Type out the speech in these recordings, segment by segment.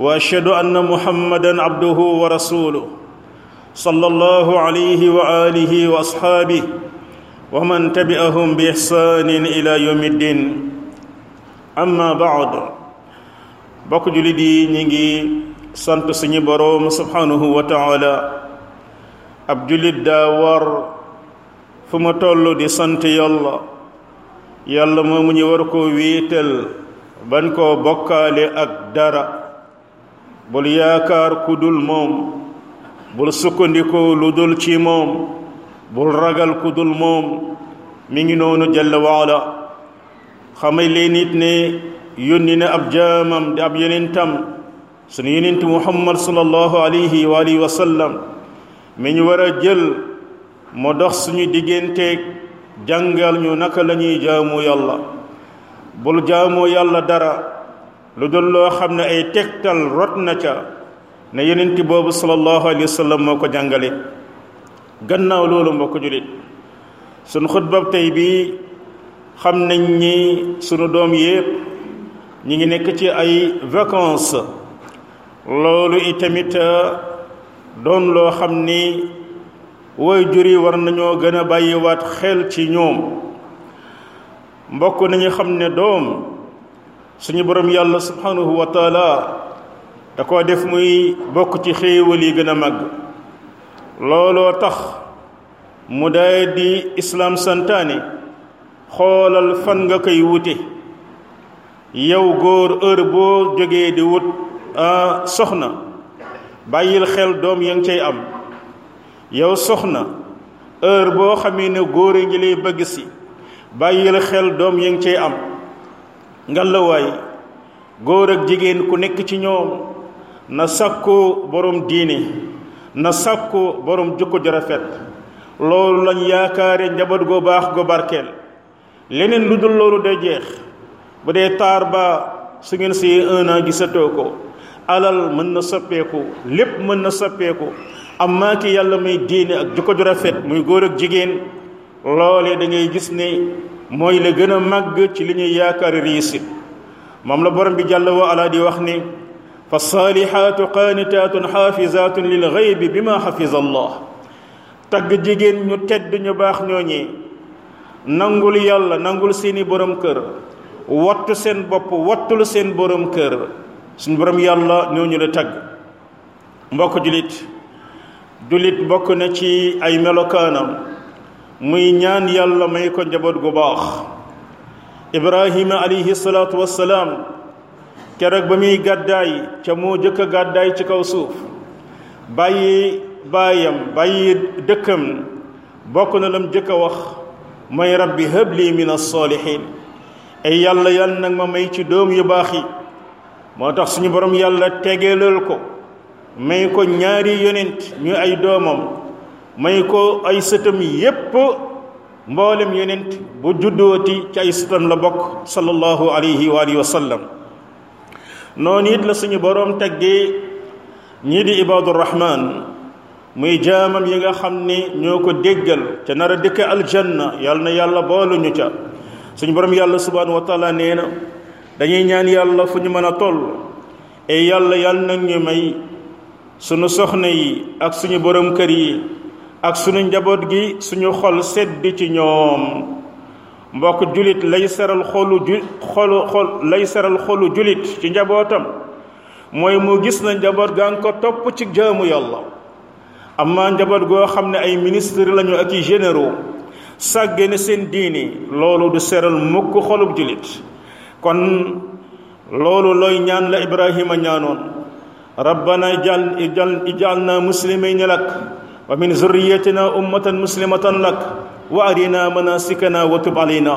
واشهد ان محمدا عبده ورسوله صلى الله عليه واله واصحابه ومن تبعهم باحسان الى يوم الدين اما بعد بك جلدي نيغي سانت سيني بروم سبحانه وتعالى اب جلد داور فما تولو دي سانت يالله يالله مومو ني واركو ويتل بانكو بوكالي اك دارا bul yaakaar ku dul moom bul sukkandikoo lu dul ci moom bul ragal ku dul moom mi ngi noonu jalla waala xamay leen nit ne yónni na ab jaamam di ab yenentam sunu yenent muhammad sallallahu alayhi wa alihi wa sallam mi ñu war a jël mu dox suñu digganteeg jàngal ñu naka la ñuy jaamu yàlla bul jaamu yàlla dara lu doon loo xam ne ay tegtal rot na ca ne yenenti boobu sallallahu alayhi wa sallam moo ko jàngale gannaaw loolu mbokk julit sunu xutbab tey bii xam nañ ni sunu doom yépp ñi ngi nekk ci ay vacances loolu itamit euh, doon loo xam ni woy juri war nañoo gën a bàyyiwaat xel ci ñoom mbokk nañu xam ne doom suñu borom yàlla subhanahu wa taala da koo def muy bokk ci xéewal yi gën a màgg looloo tax mu daay di islam santaane xoolal fan nga koy wute yow góor heure boo jógee di wut soxna bàyyil xel doom ya ngi cay am yow soxna heure boo xamee ne góor a ngi lay bëgg si bàyyil xel doom ya ngi cay am ngalawaay góor ak jigéen ku nekk ci ñoom na sàkkoo borom diine na sàkkoo boroom jukko ju rafet loolu lañ yaakaare njaboot gu baax gu barkeel leneen lu dul loolu day jeex bu dee taar ba su ngeen see un gisatoo ko alal mën na soppeeku lépp mën na soppeeku amma ki yàlla may diine ak jukko ju rafet muy góor ak jigéen loole da gis ne moy le gëna mag ci li ñuy yaakaari réussite moom la borom bi jàll wa ala di wax ni fa saalihaatu qaanitaatun xaafizaatun lil xaybi bima xafiza allah tagg jigéen ñu tedd ñu baax ñooñi nangul yàlla nangul seeni borom kër wattu seen bopp wattul seen borom kër suñ borom yàlla ñooñu la tagg mbokk julit julit bokk na ci ay melokaanam muy ñaan yàlla may ko njaboot gu baax ibrahima alayhi salaatu wassalaam keroog ba muy gàddaay ca moo jëkk a gàddaay ci kaw suuf bàyyi baayam bàyyi dëkkam bokk na lam jëkk a wax may rabbi habli min as ay yàlla yàlla nag ma may ci doom yu baax yi moo tax suñu borom yàlla tegeelal ko may ko ñaari yonent ñu ay doomam may ko ay sëtam yépp mboolem yonent bu juddooti ci ay sëtam la bokk sallallahu alayhi wa alihi wa sallam noonu it la suñu boroom teggee ñii di ibaadu rahmaan muy jaamam yi nga xam ne ñoo ko déggal ca nar a dëkk aljanna yàlla na yàlla boolu ñu ca suñu boroom yàlla subhanahu wa nee na dañuy ñaan yàlla fu ñu mën a toll e yàlla yàlla na ñu may suñu soxna yi ak suñu boroom kër yi ak sunu njaboot gi suñu xol sedd ci ñoom mbokk julit lay seral xolu ju xolu xol lay seral xolu julit ci njabootam mooy mu gis na njaboot gaa ngi ko topp ci jaamu yàlla amma njaboot goo xam ne ay ministre lañu ak i généraux sàggane seen diini loolu du seral mukk xolub julit kon loolu looy ñaan la ibrahima ñaanoon rabbana ijal ijal ijalna muslimin lak ومن ذريتنا أمة مسلمة لك وأرنا مناسكنا وتب علينا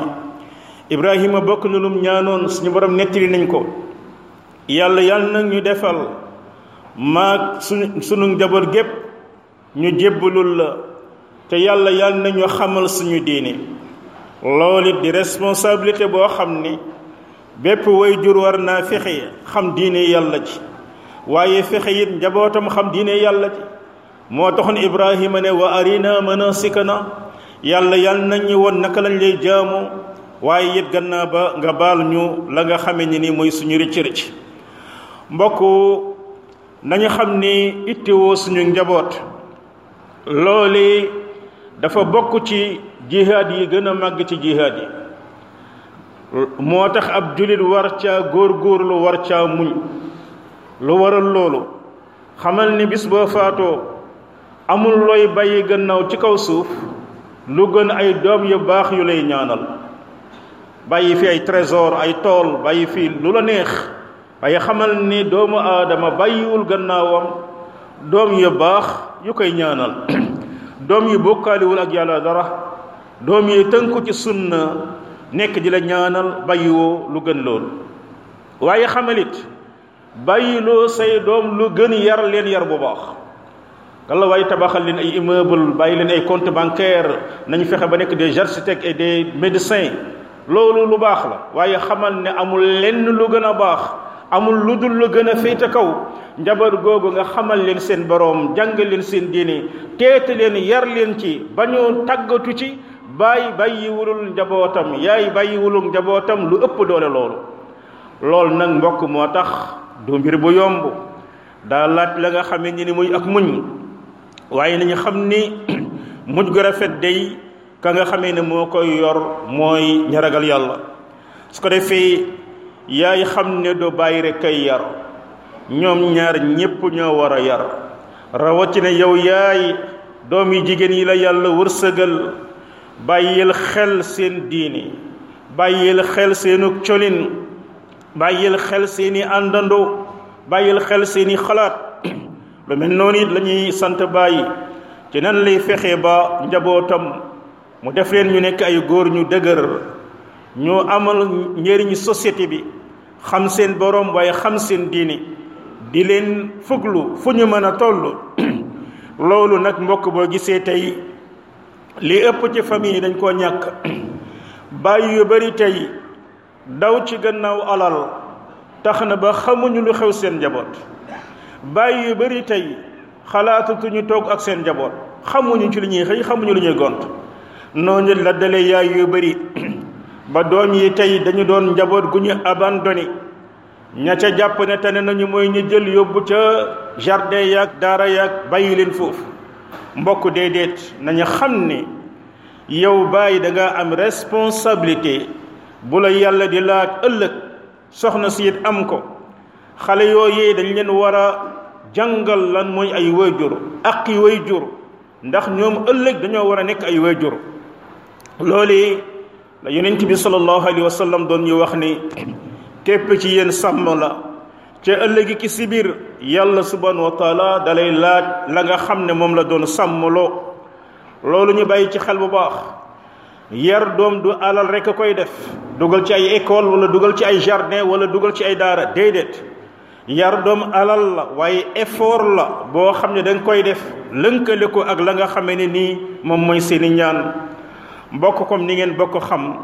إبراهيم بكن لم يانون سنبرم نتري ننكو يالا يالنا ندفل ما سنن جبر جب نجبل الله تيالا يالنا نحمل سنو ديني لولي دي responsabilité بو خمني بيب وي ورنا فخي خم ديني يالا جي وايه فخي جبوتم خم ديني يالا جي moo taxon ibrahima ne wa arina manasikana yàlla yal nañ ñu woon naka lañ lay jaamo waaye yit gannaa ba nga baal ñu la nga xamee ñi ni mooy suñu rëcc rëcc mbokk nañu xam ni ittiwoo suñu njaboot loole dafa bokk ci jihaad yi gën a màgg ci jihaad yi moo tax ab julit war caa góor góor lu war caa muñ lu waral loolu xamal ni bis boo faatoo amul looy bàyyi gannaaw ci kaw suuf lu gën ay doom yu baax yu lay ñaanal bàyyi fi ay trésor ay tool bàyyi fi lu la neex waaye xamal ni doomu aadama bàyyiwul gannaawam doom yu baax yu koy ñaanal doom yu bokkaaliwul ak yàlla dara doom yi tënku ci sunna nekk di la ñaanal bàyyiwoo lu gën lool waaye xamalit bàyyiloo say doom lu gën yar leen yar bu baax ngalla waay tabaxal leen ay immeuble bàyyi leen ay compte bancaire nañu fexe ba nekk des architectes et des médecins loolu lu baax la waaye xamal ne amul lenn lu gën a baax amul lu dul lu gën a féete kaw njaboot googu nga xamal leen seen boroom jàngal leen seen diine teete leen yar leen ci ba ñu tàggatu ci bàyyi bàyyiwulul njabootam yaay bàyyiwulul njabootam lu ëpp doole loolu loolu nag mbokk moo tax du mbir bu yomb daa laaj la nga xamee ni ni muy ak muñ waaye nañu xam ni mujj gu rafet day ka nga xamee ne moo koy yor mooy ñaragal ragal yàlla su ko defee yaay xam ne doo bàyyi rek kay yar ñoom ñaar ñépp ñoo war a yar rawatina yow yaay doom yi jigéen yi la yàlla wërsëgal bàyyil xel seen diini bàyyil xel seenu colin bàyyil xel seeni àndandoo bàyyil xel seeni xalaat lu mel noonu it lañuy sant bàyyi ci nan lay fexe ba njabootam mu def leen ñu nekk ay góor ñu dëgër ñoo amal njëriñu société bi xam seen borom waaye xam seen diini di leen fuglu fu ñu mën a tollu loolu nag mbokk boo gisee tey li ëpp ci famille yi dañ koo ñàkk bàyyi yu bari tey daw ci gannaaw alal tax na ba xamuñu lu xew seen njaboot bàyyi yu bëri tey xalaatatuñu toog ak seen njaboot xamuñu ci li ñuy xëy xamuñu li ñuy gont noonu la dale yaay yu bëri ba doom yi tey dañu doon njaboot gu ñu abandoni ña ca jàpp ne tane nañu mooy ñu jël yóbbu ca jardin yaag daara yaag bàyyi leen foofu mbokk déedéet nañu xam ne yow bàyyi da nga am responsabilité bu la yàlla di laaj ëllëg soxna si it am ko xale yooyee dañ leen war a jàngal lan moy ay wayjur aqi wayjur ndax ñom ëlëk dañoo wara nek ay wayjur loolee la ci bi sallallahu alayhi wa sallam doon ñu wax ni képp ci yéen sàmm la ci ëllëgi ki sibir yàlla subhanahu wa taala dalay laaj la nga xamne mom la doon sàmmloo loolu ñu bàyyi ci xel bu baax yar dom du alal rek koy def dugal ci ay école wala dugal ci ay jardin wala dugal ci ay daara dedet yar doom alal la waaye effort la boo xam ne da koy def lënkale ko ak la nga xame ne nii moom mooy seeni ñaan bokk comme ni ngeen bokk xam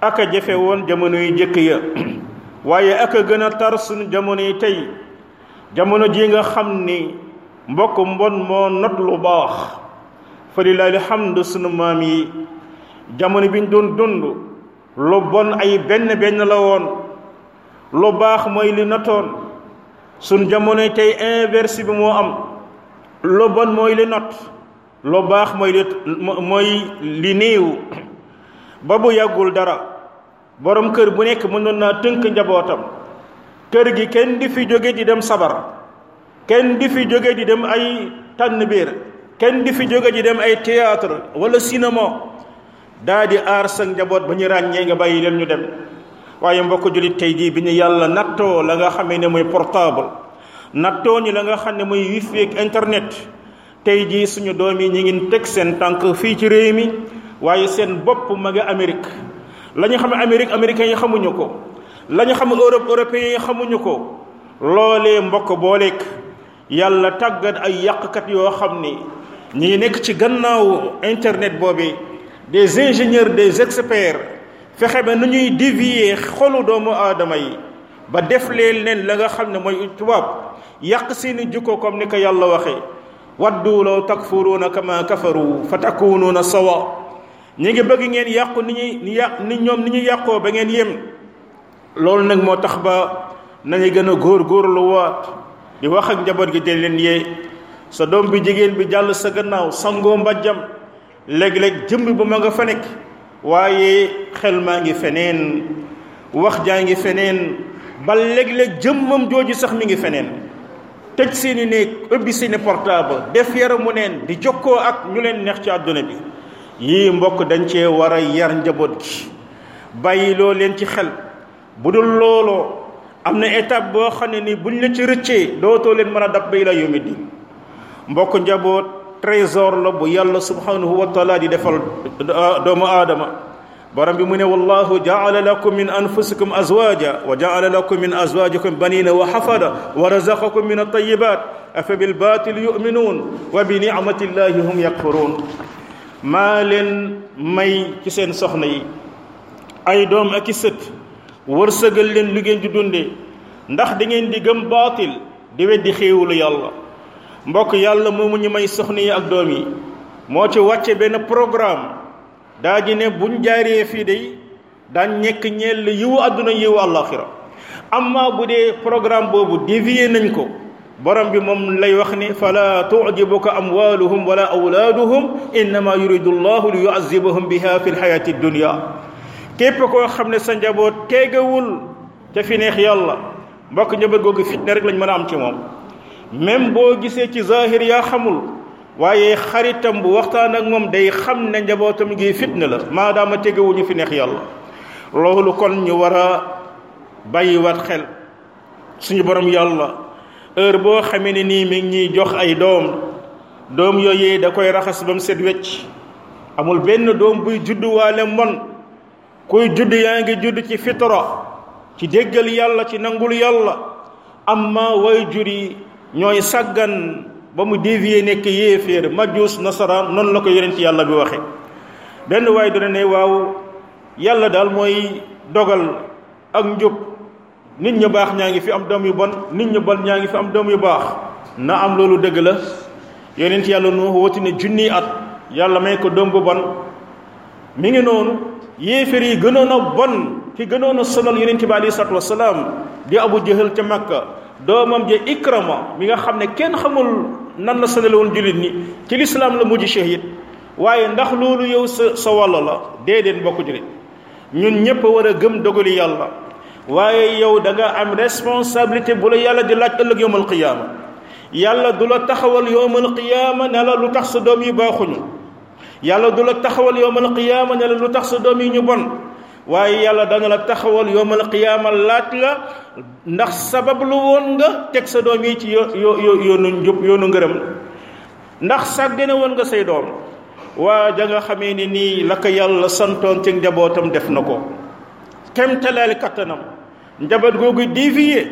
ak a jafe woon jamono yu njëkk ya waaye ak a gën a tar suñu jamono yi tey jamono jii nga xam ni mbokk mbon moo not lu baax fa lilahi alhamdu suñu maam yi jamono bi ñu doon dund lu bon ay benn benn la woon lu baax mooy li notoon sun jamonoy tey inverse bi moo am lu bon mooy li not lu baax mooy li mooy li néew ba bu yàggul dara boroom kër bu nekk mënoon naa tënk njabootam kër gi kenn di fi jóge di dem sabar kenn di fi jóge di dem ay tànn biir kenn di fi jóge di dem ay théâtre wala cinéma daa di aar sa njaboot ba ñu ràññee nga bàyyi leen ñu dem waaye mbokk julit tey jii bi ñu yàlla nattoo la nga xamee ne mooy portable nattoo ñu la nga xam ne wifi ak internet tey jii suñu doom yi ñi ngi teg seen tànk fii ci réew mi waaye seen bopp ma nga amérique la ñu xam amérique américain yi xamuñu ko la ñu xam europe européen yi xamuñu ko loolee mbokk booleeg yàlla tàggat ay yàqkat yoo xam ni ñi nekk ci gannaaw internet boobee des ingénieurs des experts fexe ba nu ñuy dévier xolu doomu aadama yi ba def leen leen la nga xam ne mooy tubaab yàq seeni jikko comme ni ko yàlla waxee waddu law takfuruuna kama kafaru fa takunuuna sawa ñi ngi bëgg ngeen yàqu ni ñuy ni yàq ni ñoom ni ñu yàqoo ba ngeen yem loolu nag moo tax ba nañu gën a góorgóorlu waat di wax ak njaboot gi te leen yee sa doom bi jigéen bi jàll sa gannaaw sangoo mbàjjam léeg-léeg jëmb bu ma nga fa nekk waaye xel maa ngi feneen wax jaa ngi feneen ba léeg-léeg jëmmam jooju sax mi ngi feneen tëj seeni néeg ubbi seeni portable def yaramu neen di jokkoo ak ñu leen neex ci àdduna bi yii mbokk dañ cee war a yar njaboot gi bàyyi leen ci xel bu dul looloo am na étape boo xam ne ni buñ la ci rëccee dootoo leen mën a dab bay la yomit mbokk njaboot trésor la bu yàlla subhanahu wa taala di defal doomu aadama borom bi mu ne wallahu jaala lakum min anfusikum azwaja wa jaala lakum min azwajikum banina wa hafada wa razaqakum min at-tayyibat afa bil batil yu'minun wa bi ni'mati llahi hum yakfurun maa leen may ci sen soxna yi ay dom ak seut sët wërsëgal leen lu gën di dunde ndax di gën di gëm batil di weddi xéewalu yàlla mbokk yàlla mu ñu may soxna yi ak doom yi moo ci wàcce benn programme daa ji ne buñ jaaree fii day daan ñekk ñeel yiwu àdduna yiwu àllaaxira amma bu dee programme boobu dévié nañ ko borom bi moom lay wax ni fala tujibuka amwaluhum wala awlaaduhum innama yuridu llahu li yuazibahum biha fi lxayati dunya képp koo xam ne sa njaboot teegawul ca fi neex yàlla mbokk njaboot googu fitna rek lañ mën a am ci moom même boo gisee ci zahir yaa xamul waaye xaritam bu waxtaan ak moom day xam ne njabootam gi fitna la maadaama tegewuñu fi neex yàlla loolu kon ñu war a bàyyiwaat xel suñu borom yàlla heure boo xamee ne nii mi ngi ñuy jox ay doom doom yooyee da koy raxas ba mu set wecc amul benn doom buy judd waale mbon kuy judd yaa ngi judd ci fitra ci déggal yàlla ci nangul yàlla amma way jur yi ñooy saggan ba mu dévier nekk yéeféer majus nasara noonu la ko yonent yàlla bi waxe benn waay dana ne waaw yàlla daal mooy dogal ak njub nit ñu baax ñaa ngi fi am doom yu bon nit ñu bon ñaa fi am doom yu baax na am loolu dëgg la yonent yàlla nu wati ne junni at yàlla may ko doom bu bon mi ngi noonu yéeféer yi gënoon a bon ki gënoon a sonal alayhi salatu wasalaam di abu jahal ca makka doomam ji ikrama mi nga xam ne kenn xamul nan la sanale woon jullit ñi ci lislaam la mujj shahid waaye ndax loolu yow sa sa wàll la déedéet mbokku jullit ñun ñépp war a gëm dogali yàlla waaye yow da nga am responsabilité bu la yàlla di laaj ëllëg yowmal qiyaama yàlla du la taxawal yowmal qiyaama ne la lu tax sa doom yi baaxuñu yàlla du la taxawal yowmal qiyaama ne la lu tax sa doom yi ñu bon waaye yàlla danga la taxawal yowmal qiyaama laaj la ndax sabab lu woon nga teg sa doom yi ci yo yo yoonu njub yoonu ngërëm ndax sàggane woon nga say doom waa ja nga xamee ni nii la ko yàlla santoon ci njabootam def na ko kemtalaali kattanam njaboot googu dévier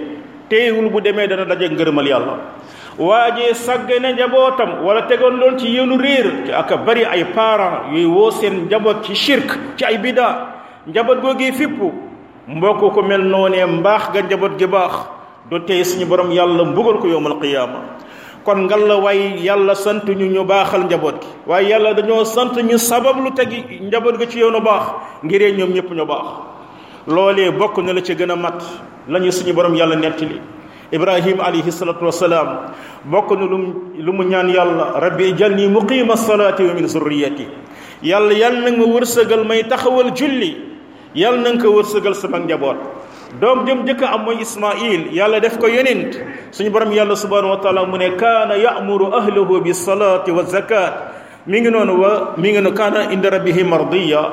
te bu demee dana daje ngërëmal yàlla waajee sàggane njabootam wala tegoon loon ci yéenu réer ci aka bari ay parents yooyu woo seen njaboot ci shirk ci ay bidaa njaboot googu fippu mbokk ko mel noonee mbaax nga njaboot gi baax du tey suñu borom yàlla mbugal ko yowmal qiyaama kon ngal la waaye yàlla sant ñu ñu baaxal njaboot gi waaye yàlla dañoo sant ñu sabab lu tegi njaboot gi ci yoonu baax ngiree ñoom ñëpp ñu baax loolee bokk na la ci gën a mat lañu suñu borom yàlla nettali ibrahim alayhi salatu wasalaam bokk na lu lu mu ñaan yàlla rabbi jalni muqima salaati wa min zurriyati yàlla yàlla nag ma wërsëgal may taxawal julli yàlla na nga ko wërsëgal sama njaboot doom jëm jëkk am mooy ismail yàlla def ko yonent suñu borom yàlla subhanahu wa taala mu ne kaana ya'muru ahlahu bi salaati wa zakat mi ngi noonu wa mi ngi noonu kaana inda rabbihi mardiya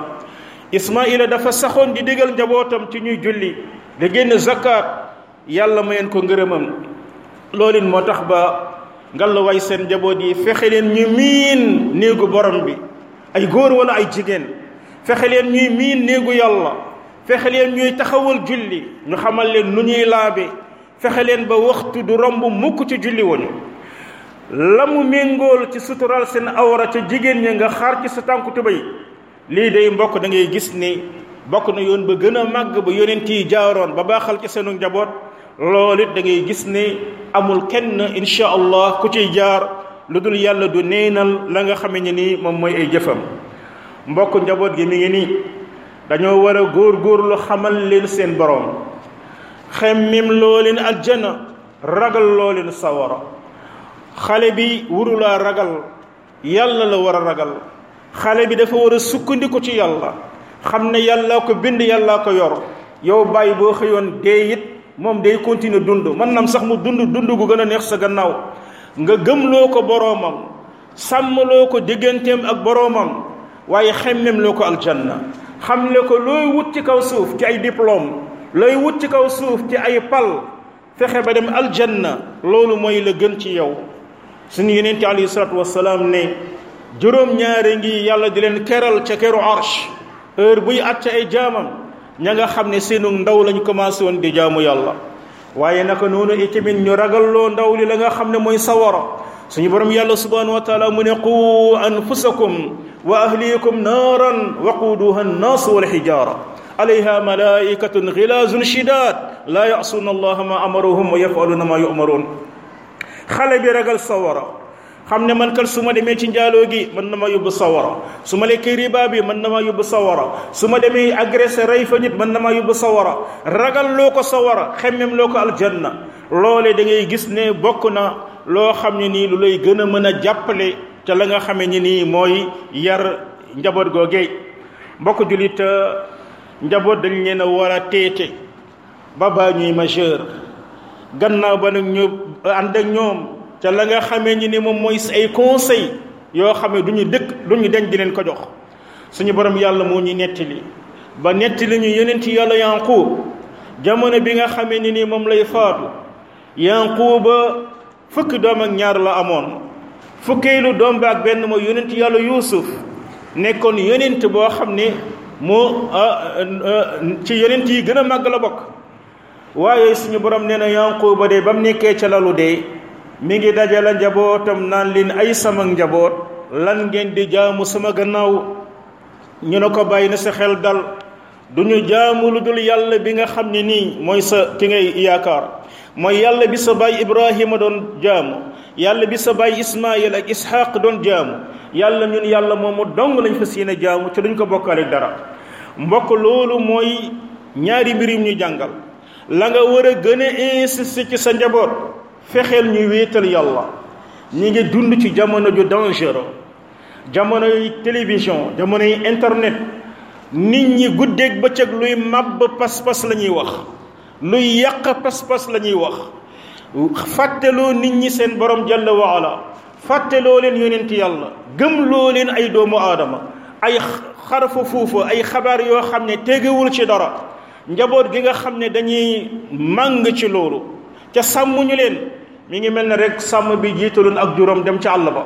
ismaila dafa saxoon di digal njabootam ci ñuy julli da génn zakat yàlla mayeen ko ngërëmam loolin moo tax ba ngalla waay seen njaboot yi fexe leen ñu miin néegu borom bi ay góor wala ay jigéen fexe leen ñuy miin néegu yàlla fexe leen ñuy taxawal julli ñu xamal leen nu ñuy laabe fexe leen ba waxtu du romb mukk ci julli woñu la mu méngool ci sutural seen awra ca jigéen ñi nga xaar ci sa tànku tubéy lii day mbokk dangay gis ni bokk na yoon ba gën a màgg ba yonent yi jaaroon ba baaxal ci seenu njaboot loolu it da ngay gis ni amul kenn incha allah ku ci jaar lu dul yàlla du neenal la nga xame ni nii moom mooy ay jëfam mbokk njaboot gi mi ngi nii dañoo war a góor góorgóorlu xamal leen seen boroom xemmim loo leen aljana ragal loo leen sawara xale bi warulaa ragal yàlla la war a ragal xale bi dafa war a sukkandiku ci yàlla xam ne yàllaa ko bind yàllaa ko yor yow bàyyi boo xëyoon dee moom day continuer dund mën nam sax mu dund dund gu gën a neex sa gannaaw nga gëmloo ko boroomam sàmmloo ko digganteem ak boroomam waye xemmem lako al janna xam le ko loy wut ci kaw suuf ci ay diplôme loy wut ci kaw suuf ci ay pal fexe ba dem al janna lolu moy le gën ci yow sun yenen ta ali sallatu wassalam ne jurom ñaare ngi yàlla di len keral ci keru arsh heure buy àcc ay jaamam ña nga xamne senu ndaw lañ commencé won di jaamu yàlla waye naka noonu itamit ñu ragal lo ndaw li la nga xamne moy sawara suñu borom yàlla subhanahu wa taala mu qu anfusakum وأهليكم نارا وقودها الناس والحجارة عليها ملائكة غلاز شداد لا يعصون الله ما أمرهم ويفعلون ما يؤمرون xale bi ragal sawara xam ne man kat su ma demee ci njaaloo gi mën na ma yóbbu sawara su ma lekkee riba bi mën na ma yóbbu sawara su ma demee agressé rey fa nit mën na ma yóbbu sawara ragal loo ko sawara xemmem loo ko aljanna loole da ngay gis ne bokk na loo xam ne nii lu lay gën a mën a jàppale ca la nga xamé ni moy yar njabot goge, mbok julit njabot dañ leena wara tété a ba ñuy majeur gannaaw ba nag ñu and ak ñoom ca la nga xamé ni mom moy ay conseil yo xamé duñu dëkk duñu dañ di leen ko jox suñu borom yalla mo netti ba li ñu yonenti yalla yanquub jamono bi nga xamé ni mom lay faatu fukk doom ak ñaar la amone fukkeelu doom ba ak benn mooy yonent yàlla yuusuf nekkoon yonent boo xam ne moo ah, ah, ci yonent yi gën a màgg la bokk waaye suñu borom nee na yanquuba de ba mu nekkee ca lalu de mi ngi dajala njabootam naan leen ay sama njaboot lan ngeen di jaamu sama gannaaw ñu ne ko bàyyi na sa xel dal du ñu jaamu lu yàlla bi nga xam ne nii mooy sa ki ngay yaakaar mooy yàlla bi sa baay Ibrahima doon jaamu yàlla bi sa baay ismaayil ak isxaq doon jaamu yàlla ñun yàlla moomu dong lañ fas yéene jaamu ci duñ ko bokkaale dara mbokk loolu mooy ñaari mbirim ñu jàngal la nga war a gën a insister ci sa njaboot fexeel ñu wéetal yàlla ñi ngi dund ci jamono ju dangereux jamonoy télévision yi internet nit ñi guddeeg bëccëg luy màbb pas-pas la ñuy wax luy yàq pas-pas la ñuy wax fàtteloo nit ñi seen borom jalla wa ala fàtteloo leen yonenti yàlla gëmloo leen ay doomu aadama ay xarafa fuufa ay xabaar yoo xam ne tegewul ci dara njaboot gi nga xam ne dañuy màng ci loolu ca sàmmuñu leen mu ngi mel ne rek sàmm bi jiitaloon ak juróom dem ca àll ba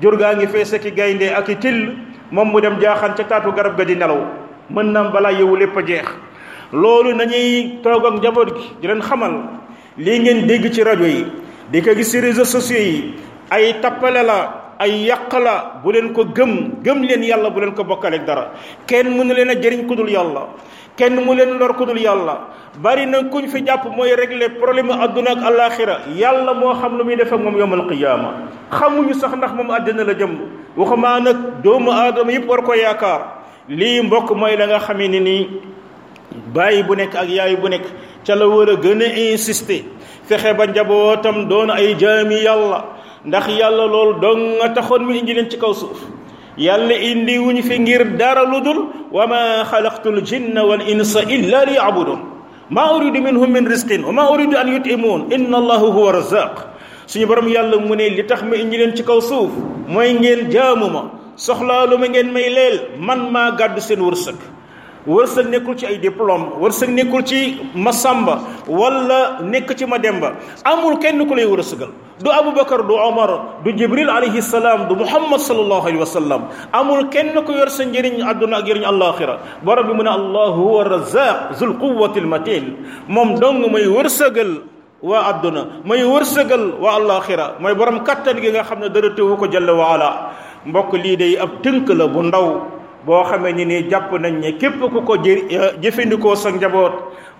jur gaa ngi fees ak gaynde ak i till moom mu dem jaaxaan ca taatu garab ga di nelaw mën na balaa yow lépp a jeex loolu nañuy toog ak njaboot gi di xamal lii ngeen dégg ci rajo yi di ko gis ci réseaux sociaux yi ay tappale la ay yàq la bu leen ko gëm gëm leen yàlla bu leen ko bokkaleeg dara kenn mënu leen a jëriñ ku dul yàlla kenn mu leen lor ku dul yàlla bari na kuñ fi jàpp mooy régler problème adduna ak alaxira yàlla moo xam lu muy def ak moom yowmal qiyaama xamuñu sax ndax moom àddina la jëm maa nag doomu aadama yëpp war ko yaakaar lii mbokk mooy la nga xamee ni nii bàyyi bu nekk ak yaay bu nekk ca la war a gën a insister fexe ba njabootam doon ay jaami yàlla ndax yàlla loolu dong nga taxoon mu indi leen ci kaw suuf yàlla indi wuñ fi ngir dara lu dul wa ma xalaqtu ljinna wal insa illa li yabudun ma uridu minhum min risqin wa ma uridu an yutimun inna allahu huwa razaq suñu borom yàlla mu ne li tax ma indi leen ci kaw suuf mooy ngeen jaamu ma soxlaalu ma ngeen may leel man maa gàddu seen wërsëg wërsëg nekkul ci ay diplôme wërsëg nekkul ci masamba wala nekk ci mademba amul kenn ku lay wërsëgal du abubakar du omar du jibril alayhi salam du muhammad sallallahu alayhi wasallam amul kenn ku yor sa njëriñ àdduna ak njëriñ alaxira borom bi mu ne allahu huwa razzaq zul quwwati matin mom dong may wërsëgal wa aduna may wërsegal wa alakhira may borom katan gi nga xamne dara tewu ko jalla wa ala mbokk li day ab teunk la bu ndaw boo xamee ni nii jàpp nañ ne képp ku ko jë jëfandikoo sa njaboot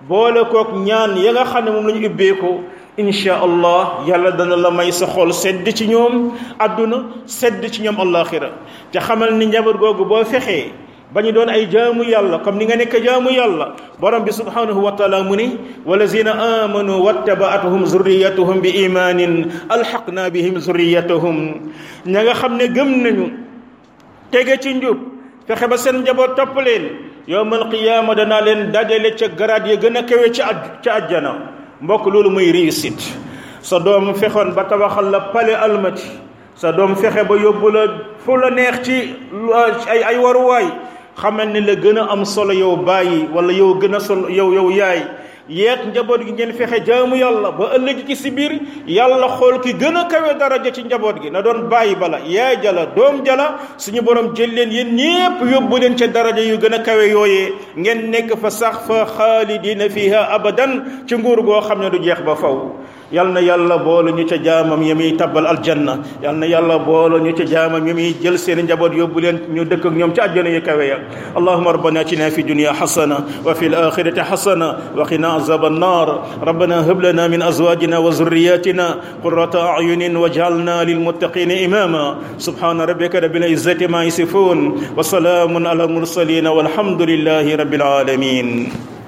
boole koog ñaan ya nga xam ne moom la ñu ubbeeku insha allah yàlla dana la may sa xol sedd ci ñoom àdduna sedd ci ñoom allaxira te xamal ni njaboot googu boo fexee ba ñu doon ay jaamu yàlla comme ni nga nekk jaamu yàlla borom bi subhanahu wa taala mu ni walazina amanu wattabaatuhum zurriyatuhum bi imanin alxaqna bihim zurriyatahum ña nga xam ne gëm nañu tege ci njub fexe ba seen njaboot topp leen yowmal qiyaama danaa leen dajale ca garaat ya gën a kawe ci aj ci àjjana mbokk loolu mooy réussite sa doom fexoon ba tabaxal la pale almati sa doom fexe ba yóbbu la fu la neex ci ay ay waruwaay xamal ni la gën a am solo yow bàyyi wala yow gën a solo yow yow yaay yéeg njaboot gi ngeen fexe jaamu yàlla ba ëllëg ci si biir yàlla xool ki gën a kawe daraja ci njaboot gi na doon bàyyi bala yaay jala doom jala suñu borom jël leen yéen ñépp yóbbu leen ca daraja yu gën a kawe yooyee ngeen nekk fa sax fa xaalidina fiha abadan ci nguur goo xam ne du jeex ba faw يالنا يالا بولو ني تي جامام يمي تابال الجنه يالنا يالا بولو ني تي جامام يمي جيل سين نجابوت يوبولين ني دك نيوم تي ادنا يي كاويا اللهم ربنا اتنا في الدنيا حسنه وفي الاخره حسنه وقنا عذاب النار ربنا هب لنا من ازواجنا وذرياتنا قرة اعين واجعلنا للمتقين اماما سبحان ربك رب العزه ما يصفون وسلام على المرسلين والحمد لله رب العالمين